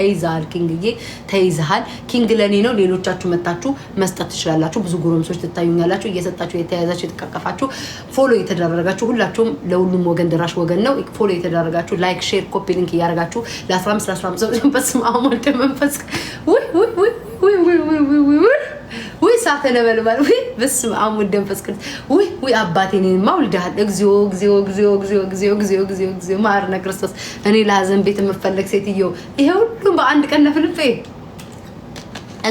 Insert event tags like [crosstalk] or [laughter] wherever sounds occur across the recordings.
ተይዘሃል ኪንግዬ፣ ተይዘሃል ኪንግ ለእኔ ነው። ሌሎቻችሁ መታችሁ መስጠት ትችላላችሁ። ብዙ ጎረምሶች ትታዩኛላችሁ፣ እየሰጣችሁ የተያያዛችሁ፣ የተቀቀፋችሁ፣ ፎሎ የተደረጋችሁ ሁላችሁም ለሁሉም ወገን ደራሽ ወገን ነው። ፎሎ የተደረጋችሁ ላይክ፣ ሼር፣ ኮፒ ሊንክ እያደረጋችሁ ለ15 15 ሰው በስመ አብ ውይ ውይ ተነበልባል። ውይ በስመ አብ ወወልድ ወመንፈስ ቅዱስ። ውይ ውይ አባቴ እኔንማ ውልደሃል። እግዚኦ እግዚኦ እግዚኦ እግዚኦ እግዚኦ እግዚኦ እግዚኦ እግዚኦ መሐረነ ክርስቶስ። እኔ ለሀዘን ቤት የምፈለግ ሴትዮ ይሄ ሁሉም በአንድ ቀን ነፍልፌ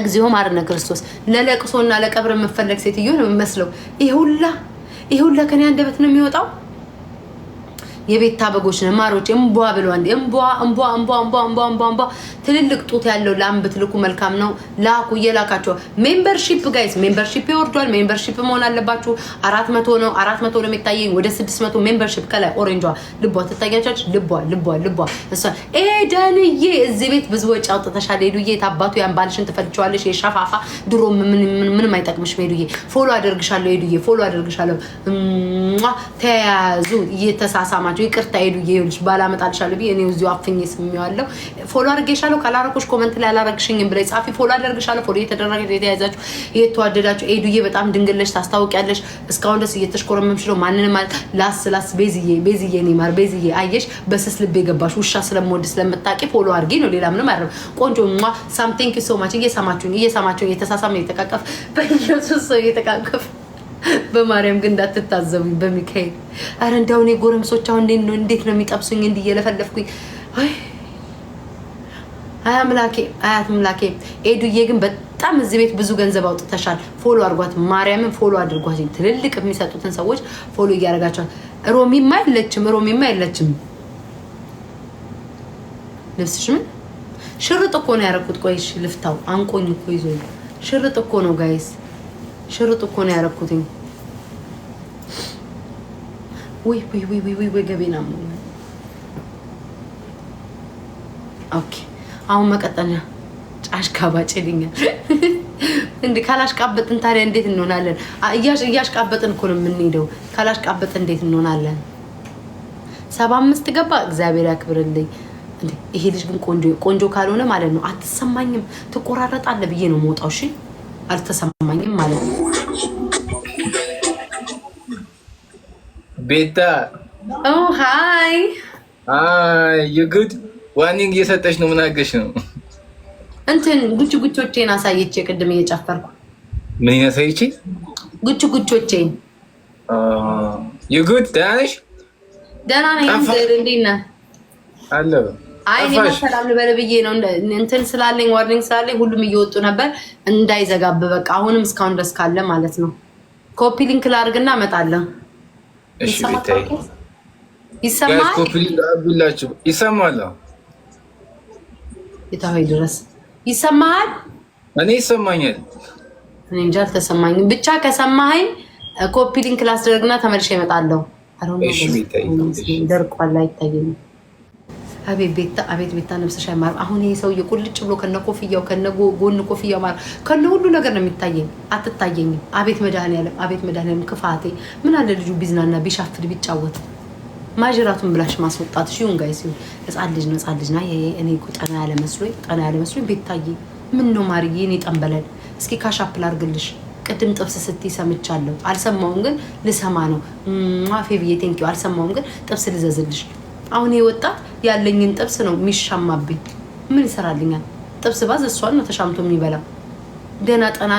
እግዚኦ መሐረነ ክርስቶስ። ለለቅሶና ለቀብር የምፈለግ ሴትዮ ነው የምመስለው። ይሄ ሁላ ይሄ ሁላ ከኔ አንደበት ነው የሚወጣው። የቤታ በጎች ነን ማሮች። እምቧ ብሏል። እምቧ እምቧ እምቧ እምቧ እምቧ እምቧ እምቧ። ትልልቅ ጡት ያለው ላም ብትልኩ መልካም ነው። ላኩ እየላካቸው። ሜምበርሺፕ ጋይስ፣ ሜምበርሺፕ ይወርዷል። ሜምበርሺፕ መሆን አለባችሁ። አራት መቶ ነው አራት መቶ ነው የሚታየኝ ወደ ስድስት መቶ ሜምበርሺፕ ከላይ ኦሬንጇ ልቧ ትታያቻች። ልቧ ልቧ ልቧ እሷ ኤደንዬ፣ እዚህ ቤት ብዙ ወጪ አውጥተሻል። ሄዱዬ ታባቱ ያን ባልሽን ትፈልጊዋለሽ። የሻፋፋ ድሮ ምንም አይጠቅምሽ። ሄዱዬ ፎሎ አደርግሻለሁ። ሄዱዬ ፎሎ አደርግሻለሁ። ተያያዙ እየተሳሳማቸው ናቸው። ይቅርታ ሄዱዬ፣ ይኸውልሽ ባላመጣልሻለሁ ብዬሽ እኔ እዚሁ አፍኜ ስሜዋለሁ። ፎሎ አድርጌሻለሁ ካላረኩሽ ኮመንት ላይ አላረግሽኝም ብለሽ ጻፊ። ፎሎ አደርግሻለሁ። ፎሎ እየተደረገ እየተያዛችሁ እየተዋደዳችሁ ሄዱዬ፣ በጣም ድንግለሽ ታስታውቂያለሽ። እስካሁን ደስ እየተሽኮረመምሽ ነው። ማንንም ማለት ላስ ላስ ቤዝዬ፣ ቤዝዬ፣ እኔ ማር ቤዝዬ፣ አየሽ በስስ ልቤ ገባሽ። ውሻ ስለምወድ ስለምታውቂ ፎሎ አድርጌ ነው፣ ሌላ ምንም አይደለም። ቆንጆ ማ ሳም ቴንኪው ሶ ማች። እየሰማችሁኝ እየሰማችሁኝ እየተሳሳም እየተቃቀፍ በኢየሱስ ሰው እየተቃቀፍ በማርያም ግን እንዳትታዘቡኝ በሚካኤል። አረ እንዳው እኔ ጎረምሶች አሁን እንዴት ነው የሚጠብሱኝ? እንዲህ እየለፈለፍኩኝ አያምላኬ አያት ምላኬ። ኤዱዬ ግን በጣም እዚህ ቤት ብዙ ገንዘብ አውጥተሻል። ፎሎ አድርጓት፣ ማርያምን ፎሎ አድርጓት። ትልልቅ የሚሰጡትን ሰዎች ፎሎ እያደረጋቸዋል። ሮሚማ የለችም፣ ሮሚማ የለችም። ልብስሽ ምን ሽርጥ እኮ ነው ያደረኩት። ቆይሽ ልፍታው፣ አንቆኝ እኮ ይዞ ሽርጥ እኮ ነው ጋይስ፣ ሽርጥ እኮ ነው ያደረኩትኝ። ወይ ወይ ወይ ወይ ወይ ገቤና ኦኬ። አሁን መቀጠል አሽቃባጭ ይልኛል። እንደ ካላሽቃበጥን ታዲያ እንዴት እንሆናለን? እያሽቃበጥን እኮ ነው የምንሄደው። ካላሽቃበጥ እንዴት እንሆናለን? ሰባ አምስት ገባ። እግዚአብሔር ያክብርልኝ። ይሄ ልጅ ግን ቆንጆ ቆንጆ ካልሆነ ማለት ነው አትሰማኝም። ትቆራረጣለህ ብዬ ነው መውጣው። እሺ አልተሰማኝም ቤታ ሀይ የግድ ዋኒንግ እየሰጠች ነው። ምን ነው? እንትን ጉች ጉቾቼን አሳየች ቅድም እየጨፈርኩ ምን ያሳየቼ? ጉች ጉቾቼን የግድ ደህና ነሽ? ደህና ነኝ። እንዴት ነህ? አለሁ። አይ ሰላም ልበል ብዬ ነው እንትን ስላለኝ ዋርኒንግ ስላለኝ ሁሉም እየወጡ ነበር እንዳይዘጋብ። በቃ አሁንም እስካሁን ድረስ ካለ ማለት ነው። ኮፒ ሊንክ ላድርግና እመጣለሁ። እሺ ቤታይ ይሰማል። ኮፕሊላችሁ ይሰማል። የታሆይ ድረስ ይሰማሃል። እኔ ይሰማኛል። እኔ እንጃ አልተሰማኝም። ብቻ ከሰማኸኝ ኮፒሊንክ ላስደርግና ተመልሼ እመጣለሁ። አሁን ደርቋል፣ አይታየኝም። አቤት ቤታ፣ አቤት ቤታ ልብስሽ አይማርም። አሁን ይሄ ሰውዬ ቁልጭ ብሎ ከነ ኮፍያው ከነ ጎን ኮፍያው ማር ከነ ሁሉ ነገር ነው የሚታየኝ፣ አትታየኝም። አቤት መድኃኒዓለም፣ አቤት መድኃኒዓለም ክፋቴ። ምን አለ ልጁ ቢዝናና ቢሻፍድ ቢጫወት ማጅራቱን ብላሽ ማስወጣት ሲሆን ጋይ ሲሆን ህፃን ልጅ ነው ህፃን ልጅ ና እኔ ጠና ያለ መስሎኝ ጠና ያለ መስሎኝ ቤታዬ፣ ምን ነው ማርዬ፣ እኔ ጠንበለን እስኪ ካሻፕ ላድርግልሽ። ቅድም ጥብስ ስትይ ሰምቻለሁ። አልሰማውም ግን ልሰማ ነው ማፌ ብዬ ቴንኪው። አልሰማውም ግን ጥብስ ልዘዝልሽ። አሁን ይሄ ወጣት ያለኝን ጥብስ ነው የሚሻማብኝ። ምን ይሰራልኛል? ጥብስ ባዝ እሷን ነው ተሻምቶ የሚበላ። ገና ጠና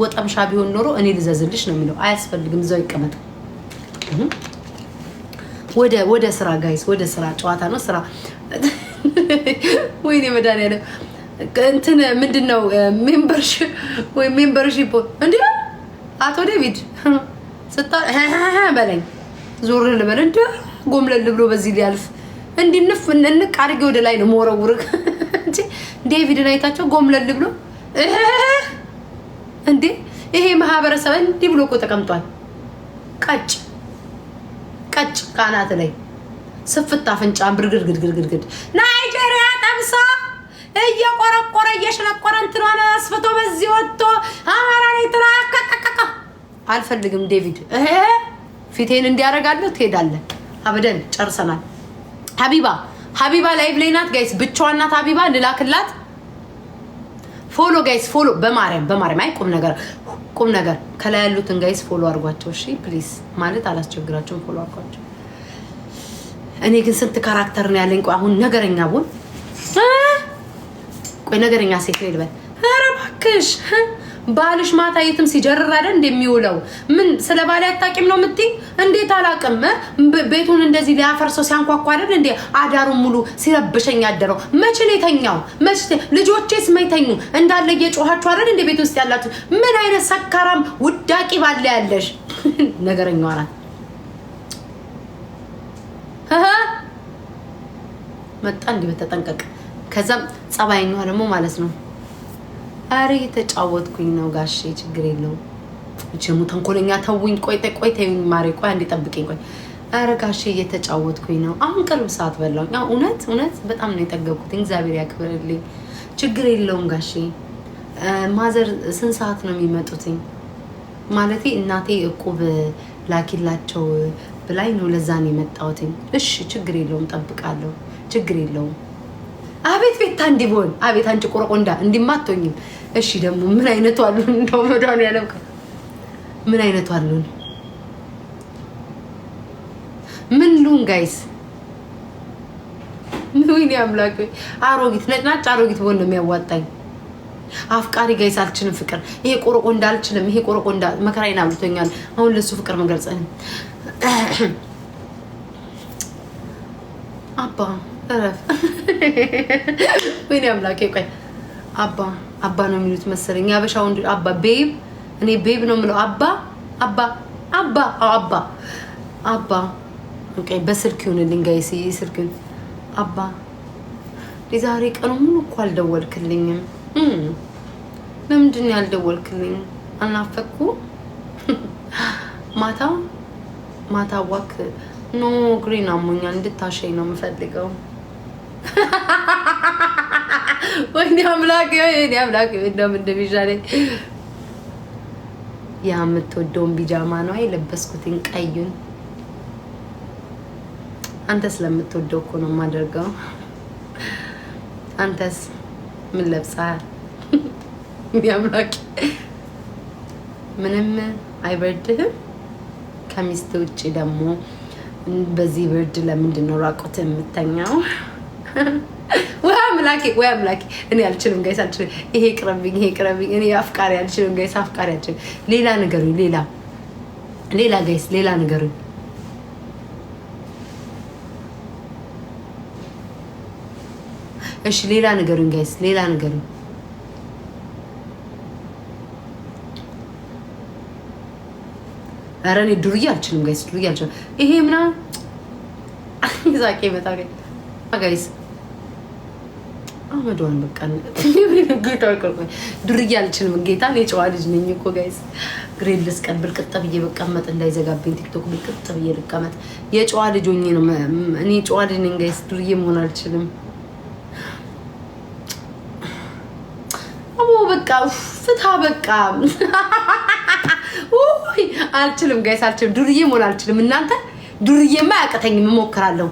ወጠምሻ ቢሆን ኖሮ እኔ ልዘዝልሽ ነው የሚለው። አያስፈልግም፣ እዛው ይቀመጥ። ወደ ስራ ጋይስ፣ ወደ ስራ። ጨዋታ ነው ስራ። [laughs] ወይኔ መድኃኒዓለም እንትን ምንድን ነው ሜምበርሺፕ ወይም ሜምበርሺፕ እንዲ አቶ ዴቪድ ስታ በለኝ ዞር ልበል እንዲ ጎምለል ብሎ በዚህ ሊያልፍ እንዲንፍ እንንቅ አድርጌ ወደ ላይ ነው መወረውርህ እንጂ ዴቪድን አይታቸው ጎምለል ብሎ እንዴ ይሄ ማህበረሰብ እንዲህ ብሎ እኮ ተቀምጧል። ቀጭ ቀጭ ከአናት ላይ ስፍት አፍንጫን ብርግድግድግድግድ ናይጄሪያ ጠብሳ እየቆረቆረ እየሸነቆረ እንትኗን አስፍቶ በዚህ ወጥቶ አማራ ላይ ትላከቀቀቀ አልፈልግም። ዴቪድ ፊቴን እንዲያደርጋለሁ ትሄዳለህ። አብደን ጨርሰናል። ሀቢባ ሀቢባ ላይቭ ላይ ናት ጋይስ፣ ብቻዋን ናት ሀቢባ። ልላክላት ፎሎ ጋይስ፣ ፎሎ በማርያም በማርያም። አይ ቁም ነገር ቁም ነገር። ከላይ ያሉትን ጋይስ ፎሎ አድርጓቸው እሺ፣ ፕሊስ። ማለት አላስቸግራቸውም፣ ፎሎ አድርጓቸው። እኔ ግን ስንት ካራክተር ነው ያለኝ? ቆይ አሁን ነገረኛ ቡን፣ ቆይ ነገረኛ ሴት ነው ኧረ እባክሽ ባልሽ ማታ የትም ሲጀርር አይደል እንደሚውለው። ምን ስለ ባል አታውቂም ነው የምትይ? እንዴት አላውቅም? ቤቱን እንደዚህ ሊያፈርሰው ሲያንኳኳ አይደል እንዴ አዳሩን ሙሉ ሲረብሸኝ ያደረው። መቼ ነው የተኛው? መቼ ልጆቼስ መተኙ? እንዳለ እየጮኋችሁ አይደል እንዴ ቤት ውስጥ ያላችሁ። ምን አይነት ሰካራም ውዳቂ ባለ ያለሽ [laughs] ነገረኛዋ ናት። መጣ እንዲህ በተጠንቀቅ። ከዛም ጸባይኛዋ ደግሞ ማለት ነው አረ የተጫወትኩኝ ነው ጋሽ፣ ችግር የለው ችሙ ተንኮለኛ ተውኝ። ቆይተ ቆይተ ማሪ ቆይ አንዴ ጠብቀኝ። ቆይ አረ ጋሽ እየተጫወትኩኝ ነው። አሁን ቅርብ ሰዓት በላው። ያው እውነት እውነት በጣም ነው የጠገብኩት። እግዚአብሔር ያክብርልኝ። ችግር የለውም ጋሽ። ማዘር ስንት ሰዓት ነው የሚመጡትኝ? ማለት እናቴ እቁብ ላኪላቸው ብላኝ ነው ለዛ ነው የመጣሁትኝ። እሺ ችግር የለውም፣ ጠብቃለሁ። ችግር የለውም አቤት ቤታ እንዲህ በሆን አቤት አንቺ ቆረቆንዳ እንዲህማ አትሆኝም። እሺ ደግሞ ምን አይነቱ አሉን? እንደው መዳኑ ያለብከ ምን አይነቱ አሉን? ምን ሉን ጋይስ ምን አምላክ አሮጊት ነጭናጭ አሮጊት በሆን ነው የሚያዋጣኝ። አፍቃሪ ጋይስ አልችልም። ፍቅር ይሄ ቆረቆንዳ አልችልም። ይሄ ቆረቆንዳ መከራዬን አብልቶኛል። አሁን ለሱ ፍቅር መግለጽ አባ እረፍ [laughs] ወይኔ አምላኬ። ቆይ አባ አባ ነው የሚሉት መሰለኝ ያበሻ ወንድ አባ ቤብ። እኔ ቤብ ነው የምለው። አባ አባ አባ አባ አባ። ኦኬ በስልክ ይሁንልኝ ጋይስ፣ ስልክ አባ። የዛሬ ቀኑ ሙሉ እኮ አልደወልክልኝም። ለምንድን ያልደወልክልኝ? አልናፈቅኩ [laughs] ማታ ማታ ዋክ ኖ ግሪን አሞኛል። እንድታሸኝ ነው የምፈልገው። [laughs] ወይኔ አምላክ ወይኔ አምላክ እንደውም እንደሚሻለኝ ያ የምትወደውን ቢጃማ ነው የለበስኩትን ቀዩን። አንተ ስለምትወደው እኮ ነው የማደርገው። አንተስ ምን ለብሰሃል? [laughs] አምላኬ ምንም አይበርድህም? ከሚስት ውጭ ደግሞ በዚህ ብርድ ለምንድን ነው ራቁት የምተኛው? ወይ አምላኬ፣ ወይ አምላኬ። እኔ አልችልም ጋይስ፣ አልችልም። ይሄ ቅረብኝ፣ ይሄ ቅረብኝ። እኔ አፍቃሪ አልችልም ጋይስ፣ አፍቃሪ አልችልም። ሌላ ንገሩኝ፣ ሌላ ሌላ ጋይስ፣ ሌላ ንገሩኝ። እሺ ሌላ ንገሩኝ ጋይስ፣ ሌላ ንገሩኝ። ኧረ እኔ ዱርዬ አልችልም ጋይስ፣ ዱርዬ አልችልም። ይሄ ምናምን ይዛቄ ይመጣ ጋይስ አመዷን በቃ ጌታ ቆይ ዱርዬ አልችልም። ጌታ የጨዋ ልጅ ነኝ እኮ ጋይስ። ግሬድለስ ቀን ብልቅጥ ብዬ በቀመጥ እንዳይዘጋብኝ ቲክቶክ ብልቅጥ ብዬ ልቀመጥ። የጨዋ ልጅ ሆኜ ነው እኔ ጨዋ ልጅ ነኝ ጋይስ። ዱርዬ መሆን አልችልም። አቦ በቃ ፍታ በቃ [laughs] አልችልም ጋይስ፣ አልችልም። ዱርዬ መሆን አልችልም። እናንተ ዱርዬማ አያቅተኝም፣ እሞክራለሁ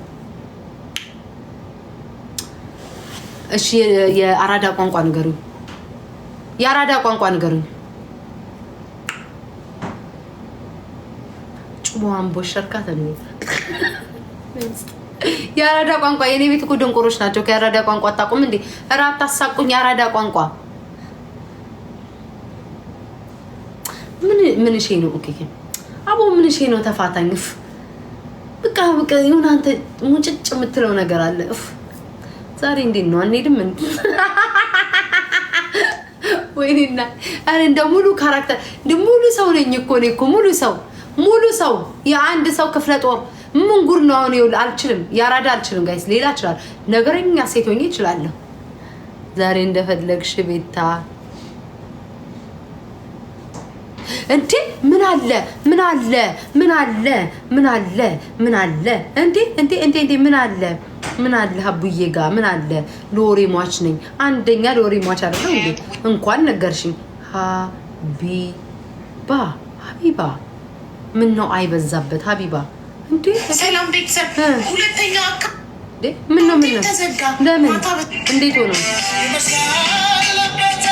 እሺ፣ የአራዳ ቋንቋ ንገሩኝ። የአራዳ ቋንቋ ንገሩኝ። ጩቦዋን ቦሸርካ ተን የአራዳ ቋንቋ የኔ ቤት እኮ ድንቁሮች ናቸው። ከአራዳ ቋንቋ አታውቁም እንዴ? ኧረ አታሳቁኝ። የአራዳ ቋንቋ ምን ሼ ነው? ኦኬ አቦ ምን ሼ ነው? ተፋታኝ እፍ በቃ በቃ ይሁን። አንተ ሙጭጭ የምትለው ነገር አለ እፍ ዛሬ እንዴት ነው? አንሄድም እንዴ? ወይኔና አረ እንደ ሙሉ ካራክተር እንደ ሙሉ ሰው ነኝ እኮ እኔ እኮ ሙሉ ሰው ሙሉ ሰው የአንድ ሰው ክፍለ ጦር ምን ጉር ነው አሁን? ይኸውልህ አልችልም፣ ያራዳ አልችልም። ጋይስ ሌላ ይችላል፣ ነገረኛ ሴት ሆኜ እችላለሁ። ዛሬ እንደፈለግሽ ቤታ እንዴ ምን አለ ምን አለ ምን አለ ምን አለ ምን አለ እንዴ እንዴ እንዴ ምን አለ ምን አለ ሀቡዬ ጋ ምን አለ ሎሬ ሟች ነኝ። አንደኛ ሎሬ ሟች አለ እንዴ! እንኳን ነገርሽኝ። ሀቢባ ሀቢባ ምን ነው አይበዛበት ሀቢባ እንዴ! ሰላም ቤተሰብ። አካ ምን ነው ምን ነው ለምን እንዴት ሆነ?